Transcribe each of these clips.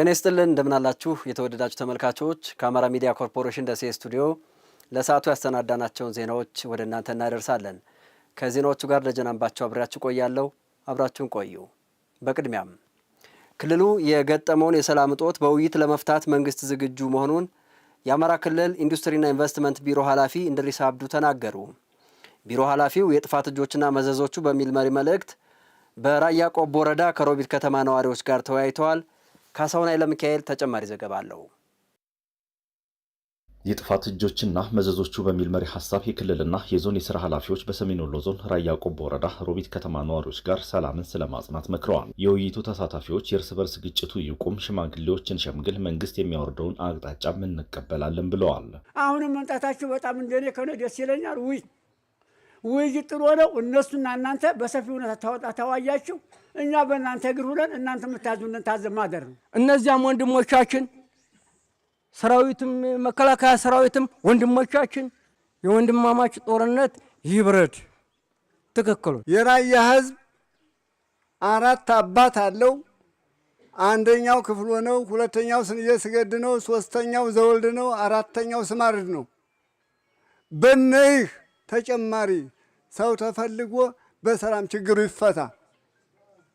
ጤና ይስጥልን እንደምናላችሁ የተወደዳችሁ ተመልካቾች፣ ከአማራ ሚዲያ ኮርፖሬሽን ደሴ ስቱዲዮ ለሰዓቱ ያሰናዳናቸውን ዜናዎች ወደ እናንተ እናደርሳለን። ከዜናዎቹ ጋር ደጀናንባቸው አብሬያችሁ ቆያለሁ። አብራችሁን ቆዩ። በቅድሚያም ክልሉ የገጠመውን የሰላም እጦት በውይይት ለመፍታት መንግስት ዝግጁ መሆኑን የአማራ ክልል ኢንዱስትሪና ኢንቨስትመንት ቢሮ ኃላፊ እንድሪስ አብዱ ተናገሩ። ቢሮ ኃላፊው የጥፋት እጆችና መዘዞቹ በሚል መሪ መልእክት በራያ ቆቦ ወረዳ ከሮቢት ከተማ ነዋሪዎች ጋር ተወያይተዋል። ካሳሁን ኃይለ ሚካኤል ተጨማሪ ዘገባ አለው። የጥፋት እጆችና መዘዞቹ በሚል መሪ ሀሳብ የክልልና የዞን የስራ ኃላፊዎች በሰሜን ወሎ ዞን ራያ ቆቦ ወረዳ ሮቢት ከተማ ነዋሪዎች ጋር ሰላምን ስለማጽናት መክረዋል። የውይይቱ ተሳታፊዎች የእርስ በርስ ግጭቱ ይቁም፣ ሽማግሌዎችን ሸምግል፣ መንግስት የሚያወርደውን አቅጣጫ እንቀበላለን ብለዋል። አሁንም መምጣታችሁ በጣም እንደኔ ከሆነ ደስ ይለኛል። ውይ ውይይት ጥሩ ነው። እነሱና እናንተ በሰፊ ሁኔታ ታዋያችሁ እኛ በእናንተ እግር ውለን እናንተ የምታዙንን ታዘብ ማደር ነው። እነዚያም ወንድሞቻችን ሰራዊትም መከላከያ ሰራዊትም ወንድሞቻችን የወንድማማች ጦርነት ይብረድ። ትክክሉ የራያ ህዝብ አራት አባት አለው። አንደኛው ክፍሎ ነው፣ ሁለተኛው ስንዬ ስገድ ነው፣ ሶስተኛው ዘወልድ ነው፣ አራተኛው ስማርድ ነው። በነይህ ተጨማሪ ሰው ተፈልጎ በሰላም ችግሩ ይፈታ።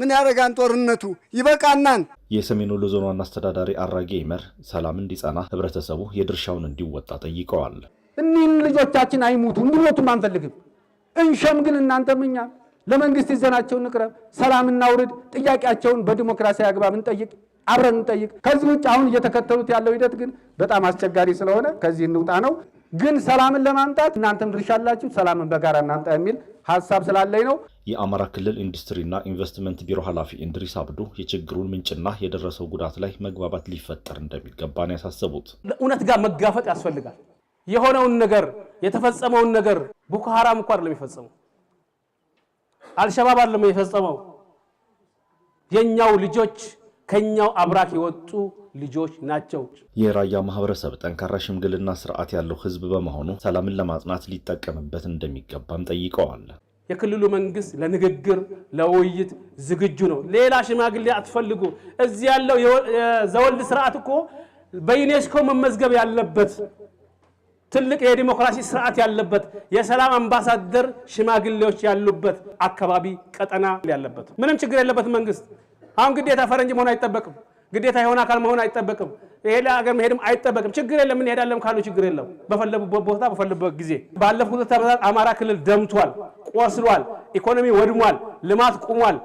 ምን ያደረጋን ጦርነቱ ይበቃናን። የሰሜን ወሎ ዞን ዋና አስተዳዳሪ አራጌ ይመር ሰላም እንዲጸና ህብረተሰቡ የድርሻውን እንዲወጣ ጠይቀዋል። እኒህም ልጆቻችን አይሙቱ እንዲሞቱም አንፈልግም። ግን እናንተም እኛ ለመንግስት ይዘናቸው እንቅረብ፣ ሰላም እናውርድ፣ ጥያቄያቸውን በዲሞክራሲያዊ አግባብ እንጠይቅ፣ አብረን እንጠይቅ። ከዚህ ውጭ አሁን እየተከተሉት ያለው ሂደት ግን በጣም አስቸጋሪ ስለሆነ ከዚህ እንውጣ ነው። ግን ሰላምን ለማምጣት እናንተም ድርሻ አላችሁ፣ ሰላምን በጋራ እናምጣ የሚል ሀሳብ ስላለኝ ነው። የአማራ ክልል ኢንዱስትሪና ኢንቨስትመንት ቢሮ ኃላፊ እንድሪስ አብዱ የችግሩን ምንጭና የደረሰው ጉዳት ላይ መግባባት ሊፈጠር እንደሚገባ ነው ያሳሰቡት። እውነት ጋር መጋፈጥ ያስፈልጋል። የሆነውን ነገር የተፈጸመውን ነገር ቦኮ ሀራም እንኳ አይደለም የፈጸመው፣ አልሸባብ አይደለም የፈጸመው የእኛው ልጆች ከኛው አብራክ የወጡ ልጆች ናቸው። የራያ ማህበረሰብ ጠንካራ ሽምግልና ስርዓት ያለው ህዝብ በመሆኑ ሰላምን ለማጽናት ሊጠቀምበት እንደሚገባም ጠይቀዋል። የክልሉ መንግስት ለንግግር ለውይይት ዝግጁ ነው። ሌላ ሽማግሌ አትፈልጉ። እዚህ ያለው ዘወልድ ስርዓት እኮ በዩኔስኮ መመዝገብ ያለበት ትልቅ የዲሞክራሲ ስርዓት ያለበት የሰላም አምባሳደር ሽማግሌዎች ያሉበት አካባቢ ቀጠና ያለበት ምንም ችግር የለበት መንግስት አሁን ግዴታ ፈረንጅ መሆን አይጠበቅም። ግዴታ የሆነ አካል መሆን አይጠበቅም። ይሄ ለሀገር መሄድም አይጠበቅም። ችግር የለም እንሄዳለን ካሉ ችግር የለም። በፈለጉበት ቦታ በፈለጉበት ጊዜ። ባለፉት ሁለት ዓመታት አማራ ክልል ደምቷል፣ ቆስሏል፣ ኢኮኖሚ ወድሟል፣ ልማት ቁሟል።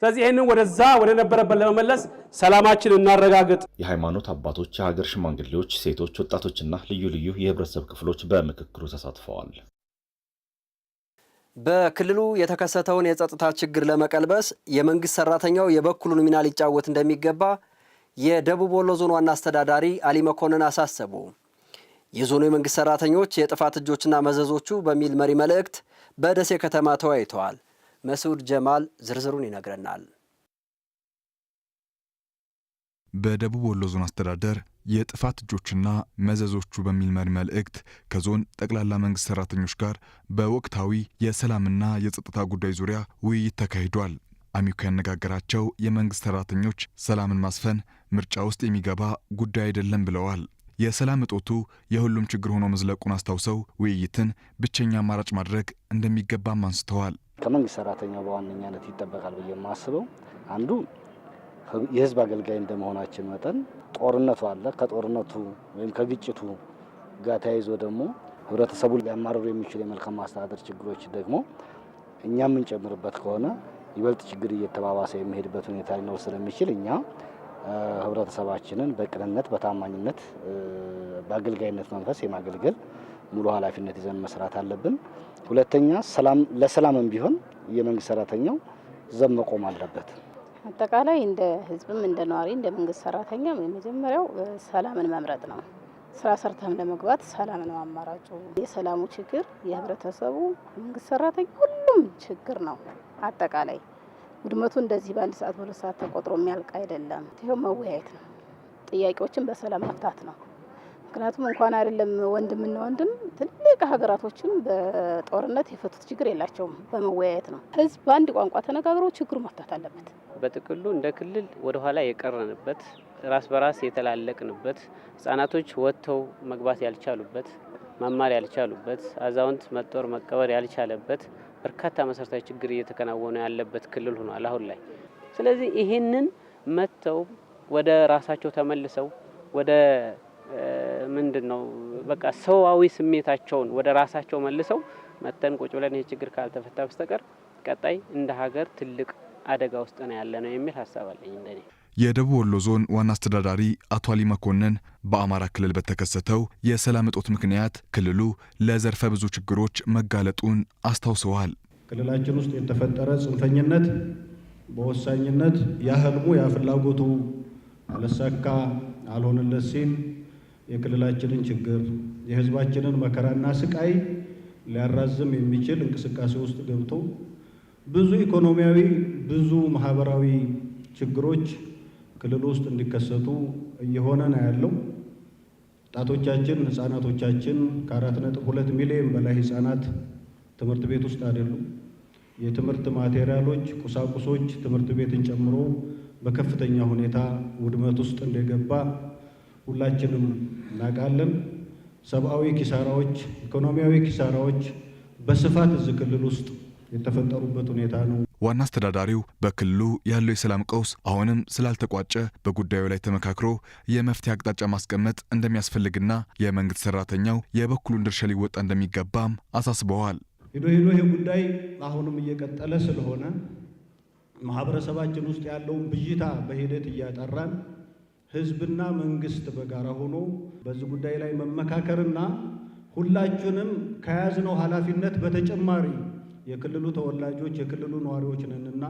ስለዚህ ይህንን ወደዛ ወደ ነበረበት ለመመለስ ሰላማችን እናረጋግጥ። የሃይማኖት አባቶች፣ የሀገር ሽማግሌዎች፣ ሴቶች፣ ወጣቶችና ልዩ ልዩ የህብረተሰብ ክፍሎች በምክክሩ ተሳትፈዋል። በክልሉ የተከሰተውን የጸጥታ ችግር ለመቀልበስ የመንግስት ሰራተኛው የበኩሉን ሚና ሊጫወት እንደሚገባ የደቡብ ወሎ ዞን ዋና አስተዳዳሪ አሊ መኮንን አሳሰቡ። የዞኑ የመንግስት ሰራተኞች የጥፋት እጆችና መዘዞቹ በሚል መሪ መልእክት በደሴ ከተማ ተወያይተዋል። መስዑድ ጀማል ዝርዝሩን ይነግረናል። በደቡብ ወሎ ዞን አስተዳደር የጥፋት እጆችና መዘዞቹ በሚል መሪ መልእክት ከዞን ጠቅላላ መንግስት ሰራተኞች ጋር በወቅታዊ የሰላምና የጸጥታ ጉዳይ ዙሪያ ውይይት ተካሂዷል። አሚኮ ያነጋገራቸው የመንግስት ሰራተኞች ሰላምን ማስፈን ምርጫ ውስጥ የሚገባ ጉዳይ አይደለም ብለዋል። የሰላም እጦቱ የሁሉም ችግር ሆኖ መዝለቁን አስታውሰው ውይይትን ብቸኛ አማራጭ ማድረግ እንደሚገባም አንስተዋል። ከመንግስት ሰራተኛው በዋነኛነት ይጠበቃል ብዬ የማስበው አንዱ የህዝብ አገልጋይ እንደመሆናችን መጠን ጦርነቱ አለ። ከጦርነቱ ወይም ከግጭቱ ጋር ተያይዞ ደግሞ ህብረተሰቡ ሊያማርሩ የሚችሉ የመልካም ማስተዳደር ችግሮች ደግሞ እኛ የምንጨምርበት ከሆነ ይበልጥ ችግር እየተባባሰ የሚሄድበት ሁኔታ ሊኖር ስለሚችል እኛ ህብረተሰባችንን በቅንነት፣ በታማኝነት፣ በአገልጋይነት መንፈስ የማገልገል ሙሉ ኃላፊነት ይዘን መስራት አለብን። ሁለተኛ ለሰላምም ቢሆን የመንግስት ሰራተኛው ዘብ መቆም አለበት። አጠቃላይ እንደ ህዝብም እንደ ነዋሪ እንደ መንግስት ሰራተኛም የመጀመሪያው ሰላምን መምረጥ ነው። ስራ ሰርተም ለመግባት ሰላም ነው አማራጩ። የሰላሙ ችግር የህብረተሰቡ መንግስት ሰራተኛ ሁሉም ችግር ነው። አጠቃላይ ውድመቱ እንደዚህ በአንድ ሰዓት በሁለት ሰዓት ተቆጥሮ የሚያልቅ አይደለም። ይኸው መወያየት ነው፣ ጥያቄዎችን በሰላም መፍታት ነው። ምክንያቱም እንኳን አይደለም ወንድምና ወንድም ትልቅ ሀገራቶችም በጦርነት የፈቱት ችግር የላቸውም። በመወያየት ነው ህዝብ በአንድ ቋንቋ ተነጋግሮ ችግሩ መፍታት አለበት። በጥቅሉ እንደ ክልል ወደኋላ የቀረንበት ራስ በራስ የተላለቅንበት ህጻናቶች ወጥተው መግባት ያልቻሉበት መማር ያልቻሉበት አዛውንት መጦር መቀበር ያልቻለበት በርካታ መሰረታዊ ችግር እየተከናወነ ያለበት ክልል ሆኗል አሁን ላይ። ስለዚህ ይህንን መጥተው ወደ ራሳቸው ተመልሰው ወደ ምንድን ነው በቃ ሰዋዊ ስሜታቸውን ወደ ራሳቸው መልሰው መተን ቁጭ ብለን ይህ ችግር ካልተፈታ በስተቀር ቀጣይ እንደ ሀገር ትልቅ አደጋ ውስጥ ነው ያለ ነው የሚል ሀሳብ አለኝ እንደኔ። የደቡብ ወሎ ዞን ዋና አስተዳዳሪ አቶ አሊ መኮንን በአማራ ክልል በተከሰተው የሰላም እጦት ምክንያት ክልሉ ለዘርፈ ብዙ ችግሮች መጋለጡን አስታውሰዋል። ክልላችን ውስጥ የተፈጠረ ጽንፈኝነት በወሳኝነት ያህልሙ ያፍላጎቱ አልሳካ አልሆንለት ሲል የክልላችንን ችግር የህዝባችንን መከራና ስቃይ ሊያራዝም የሚችል እንቅስቃሴ ውስጥ ገብቶ ብዙ ኢኮኖሚያዊ፣ ብዙ ማህበራዊ ችግሮች ክልል ውስጥ እንዲከሰቱ እየሆነ ነው ያለው። ጣቶቻችን ህፃናቶቻችን ከአራት ነጥብ ሁለት ሚሊዮን በላይ ህፃናት ትምህርት ቤት ውስጥ አይደሉም። የትምህርት ማቴሪያሎች፣ ቁሳቁሶች ትምህርት ቤትን ጨምሮ በከፍተኛ ሁኔታ ውድመት ውስጥ እንደገባ ሁላችንም እናውቃለን። ሰብአዊ ኪሳራዎች፣ ኢኮኖሚያዊ ኪሳራዎች በስፋት እዚህ ክልል ውስጥ የተፈጠሩበት ሁኔታ ነው። ዋና አስተዳዳሪው በክልሉ ያለው የሰላም ቀውስ አሁንም ስላልተቋጨ በጉዳዩ ላይ ተመካክሮ የመፍትሄ አቅጣጫ ማስቀመጥ እንደሚያስፈልግና የመንግስት ሰራተኛው የበኩሉን ድርሻ ሊወጣ እንደሚገባም አሳስበዋል። ሄዶ ሄዶ ይሄ ጉዳይ አሁንም እየቀጠለ ስለሆነ ማህበረሰባችን ውስጥ ያለውን ብዥታ በሂደት እያጠራን ህዝብና መንግስት በጋራ ሆኖ በዚህ ጉዳይ ላይ መመካከርና ሁላችንም ከያዝነው ኃላፊነት በተጨማሪ የክልሉ ተወላጆች የክልሉ ነዋሪዎች ነንና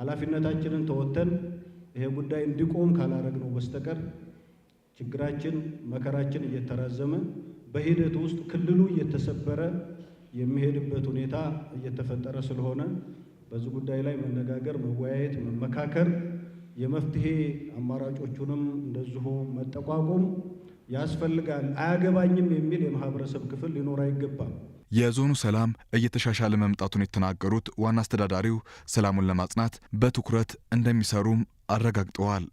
ኃላፊነታችንን ተወጥተን ይሄ ጉዳይ እንዲቆም ካላረግነው በስተቀር ችግራችን መከራችን እየተራዘመ በሂደት ውስጥ ክልሉ እየተሰበረ የሚሄድበት ሁኔታ እየተፈጠረ ስለሆነ በዚህ ጉዳይ ላይ መነጋገር፣ መወያየት፣ መመካከር የመፍትሄ አማራጮቹንም እንደዚሁ መጠቋቆም ያስፈልጋል። አያገባኝም የሚል የማህበረሰብ ክፍል ሊኖር አይገባም። የዞኑ ሰላም እየተሻሻለ መምጣቱን የተናገሩት ዋና አስተዳዳሪው ሰላሙን ለማጽናት በትኩረት እንደሚሰሩም አረጋግጠዋል።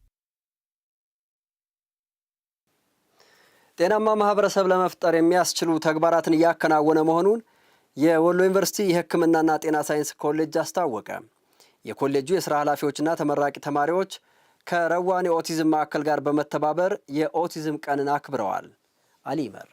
ጤናማ ማህበረሰብ ለመፍጠር የሚያስችሉ ተግባራትን እያከናወነ መሆኑን የወሎ ዩኒቨርሲቲ የሕክምናና ጤና ሳይንስ ኮሌጅ አስታወቀ። የኮሌጁ የስራ ኃላፊዎችና ተመራቂ ተማሪዎች ከረዋን የኦቲዝም ማዕከል ጋር በመተባበር የኦቲዝም ቀንን አክብረዋል። አሊመር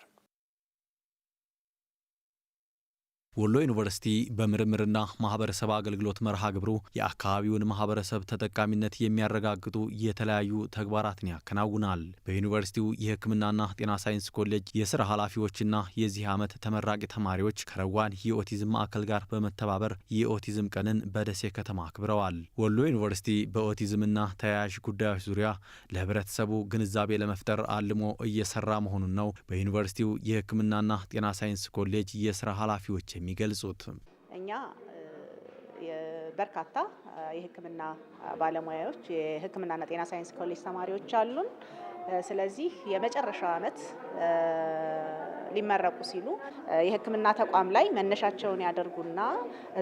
ወሎ ዩኒቨርሲቲ በምርምርና ማህበረሰብ አገልግሎት መርሃ ግብሩ የአካባቢውን ማህበረሰብ ተጠቃሚነት የሚያረጋግጡ የተለያዩ ተግባራትን ያከናውናል። በዩኒቨርሲቲው የሕክምናና ጤና ሳይንስ ኮሌጅ የስራ ኃላፊዎችና የዚህ ዓመት ተመራቂ ተማሪዎች ከረዋን የኦቲዝም ማዕከል ጋር በመተባበር የኦቲዝም ቀንን በደሴ ከተማ አክብረዋል። ወሎ ዩኒቨርሲቲ በኦቲዝምና ተያያዥ ጉዳዮች ዙሪያ ለህብረተሰቡ ግንዛቤ ለመፍጠር አልሞ እየሰራ መሆኑን ነው በዩኒቨርሲቲው የሕክምናና ጤና ሳይንስ ኮሌጅ የስራ ኃላፊዎች የሚገልጹት። እኛ በርካታ የህክምና ባለሙያዎች የህክምናና ጤና ሳይንስ ኮሌጅ ተማሪዎች አሉን። ስለዚህ የመጨረሻው ዓመት ሊመረቁ ሲሉ የህክምና ተቋም ላይ መነሻቸውን ያደርጉና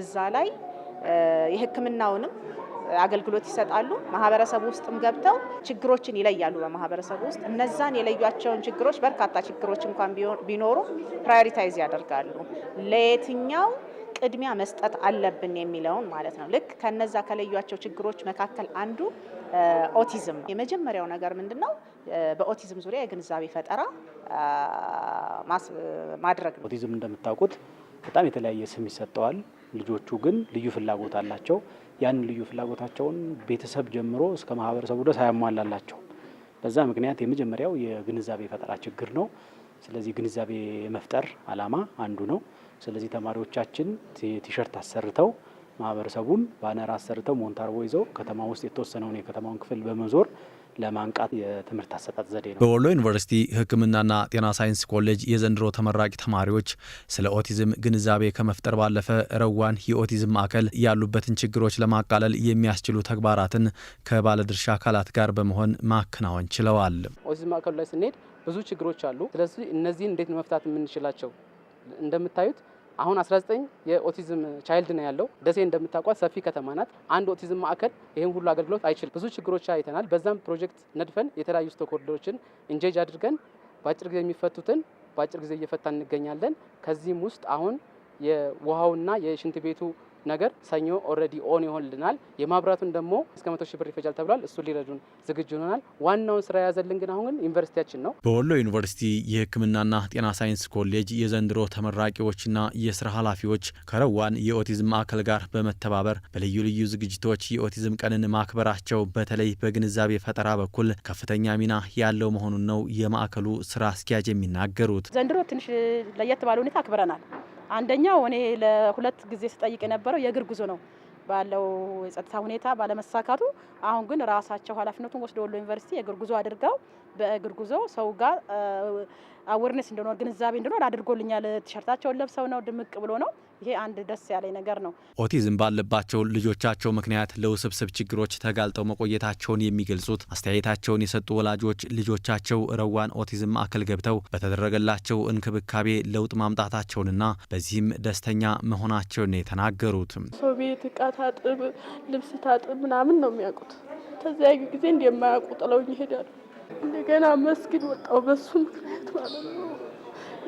እዛ ላይ የህክምናውንም። አገልግሎት ይሰጣሉ። ማህበረሰቡ ውስጥም ገብተው ችግሮችን ይለያሉ። በማህበረሰቡ ውስጥ እነዛን የለያቸውን ችግሮች በርካታ ችግሮች እንኳን ቢኖሩ ፕራዮሪታይዝ ያደርጋሉ። ለየትኛው ቅድሚያ መስጠት አለብን የሚለውን ማለት ነው። ልክ ከነዛ ከለዩቸው ችግሮች መካከል አንዱ ኦቲዝም ነው። የመጀመሪያው ነገር ምንድን ነው? በኦቲዝም ዙሪያ የግንዛቤ ፈጠራ ማድረግ ነው። ኦቲዝም እንደምታውቁት በጣም የተለያየ ስም ይሰጠዋል። ልጆቹ ግን ልዩ ፍላጎት አላቸው። ያን ልዩ ፍላጎታቸውን ቤተሰብ ጀምሮ እስከ ማህበረሰቡ ድረስ አያሟላላቸው። በዛ ምክንያት የመጀመሪያው የግንዛቤ ፈጠራ ችግር ነው። ስለዚህ ግንዛቤ የመፍጠር አላማ አንዱ ነው። ስለዚህ ተማሪዎቻችን ቲሸርት አሰርተው ማህበረሰቡን ባነር አሰርተው ሞንታርቦ ይዘው ከተማ ውስጥ የተወሰነውን የከተማውን ክፍል በመዞር ለማንቃት የትምህርት አሰጣጥ ዘዴ ነው። በወሎ ዩኒቨርሲቲ ሕክምናና ጤና ሳይንስ ኮሌጅ የዘንድሮ ተመራቂ ተማሪዎች ስለ ኦቲዝም ግንዛቤ ከመፍጠር ባለፈ ረዋን የኦቲዝም ማዕከል ያሉበትን ችግሮች ለማቃለል የሚያስችሉ ተግባራትን ከባለድርሻ አካላት ጋር በመሆን ማከናወን ችለዋል። ኦቲዝም ማዕከሉ ላይ ስንሄድ ብዙ ችግሮች አሉ። ስለዚህ እነዚህን እንዴት መፍታት የምንችላቸው እንደምታዩት አሁን 19 የኦቲዝም ቻይልድ ነው ያለው። ደሴ እንደምታውቋት ሰፊ ከተማ ናት። አንድ ኦቲዝም ማዕከል ይህን ሁሉ አገልግሎት አይችልም። ብዙ ችግሮች አይተናል። በዛም ፕሮጀክት ነድፈን የተለያዩ ስቴክሆልደሮችን እንጄጅ አድርገን በአጭር ጊዜ የሚፈቱትን በአጭር ጊዜ እየፈታ እንገኛለን። ከዚህም ውስጥ አሁን የውሃውና የሽንት ቤቱ ነገር ሰኞ ኦልሬዲ ኦን ይሆንልናል። የማብራቱን ደግሞ እስከ መቶ ሺህ ብር ይፈጃል ተብሏል። እሱ ሊረዱን ዝግጁ ይሆናል። ዋናውን ስራ የያዘልን ግን አሁን ዩኒቨርሲቲያችን ነው። በወሎ ዩኒቨርሲቲ የሕክምናና ጤና ሳይንስ ኮሌጅ የዘንድሮ ተመራቂዎችና የስራ ኃላፊዎች ከረዋን የኦቲዝም ማዕከል ጋር በመተባበር በልዩ ልዩ ዝግጅቶች የኦቲዝም ቀንን ማክበራቸው በተለይ በግንዛቤ ፈጠራ በኩል ከፍተኛ ሚና ያለው መሆኑን ነው የማዕከሉ ስራ አስኪያጅ የሚናገሩት። ዘንድሮ ትንሽ ለየት ባለ ሁኔታ አክብረናል። አንደኛው እኔ ለሁለት ጊዜ ስጠይቅ የነበረው የእግር ጉዞ ነው ባለው የጸጥታ ሁኔታ ባለመሳካቱ፣ አሁን ግን ራሳቸው ኃላፊነቱን ወስደ ወሎ ዩኒቨርሲቲ የእግር ጉዞ አድርገው በእግር ጉዞ ሰው ጋር አዌርነስ እንዲኖር ግንዛቤ እንዲኖር አድርጎልኛል። ቲሸርታቸውን ለብሰው ነው ድምቅ ብሎ ነው ይሄ አንድ ደስ ያለኝ ነገር ነው። ኦቲዝም ባለባቸው ልጆቻቸው ምክንያት ለውስብስብ ችግሮች ተጋልጠው መቆየታቸውን የሚገልጹት አስተያየታቸውን የሰጡ ወላጆች ልጆቻቸው ረዋን ኦቲዝም ማዕከል ገብተው በተደረገላቸው እንክብካቤ ለውጥ ማምጣታቸውንና በዚህም ደስተኛ መሆናቸውን የተናገሩት ቤት እቃ ታጥብ፣ ልብስ ታጥብ ምናምን ነው የሚያውቁት። ከዚያ ጊዜ እንደማያውቁ ጥለውኝ ይሄዳሉ። እንደገና መስጊድ ወጣው በሱ ምክንያት ማለት ነው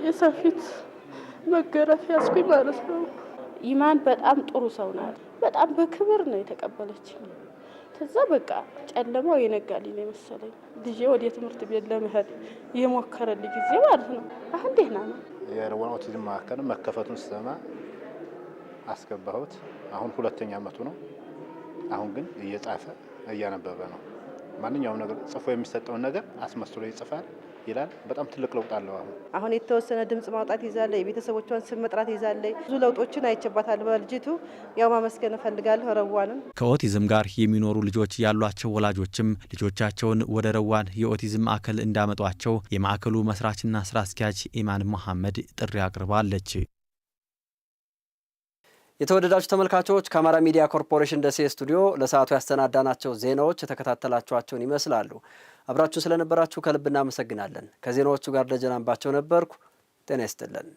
የሰፊት መገረፍ ያስኩኝ ማለት ነው። ኢማን በጣም ጥሩ ሰው ናት። በጣም በክብር ነው የተቀበለች። ከዛ በቃ ጨለማው የነጋልኝ ነው የመሰለኝ። ልጄ ወደ ትምህርት ቤት ለመሄድ የሞከረልኝ ጊዜ ማለት ነው። አሁን ደህና ነው። የረዋን ኦቲዝም ማዕከል መከፈቱን ስሰማ አስገባሁት። አሁን ሁለተኛ አመቱ ነው። አሁን ግን እየጻፈ እያነበበ ነው። ማንኛውም ነገር ጽፎ የሚሰጠውን ነገር አስመስሎ ይጽፋል። ይላል። በጣም ትልቅ ለውጥ አለው። አሁን አሁን የተወሰነ ድምጽ ማውጣት ይዛለ፣ የቤተሰቦቿን ስም መጥራት ይዛለ፣ ብዙ ለውጦችን አይቸባታል በልጅቱ። ያው ማመስገን እፈልጋለሁ ረዋንም። ከኦቲዝም ጋር የሚኖሩ ልጆች ያሏቸው ወላጆችም ልጆቻቸውን ወደ ረዋን የኦቲዝም ማዕከል እንዳመጧቸው የማዕከሉ መስራችና ስራ አስኪያጅ ኢማን መሐመድ ጥሪ አቅርባለች። የተወደዳችሁ ተመልካቾች ከአማራ ሚዲያ ኮርፖሬሽን ደሴ ስቱዲዮ ለሰዓቱ ያሰናዳናቸው ዜናዎች የተከታተላችኋቸውን ይመስላሉ። አብራችሁ ስለነበራችሁ ከልብ እናመሰግናለን። ከዜናዎቹ ጋር ደጀን ነበርኩ። ጤና ይስጥልን።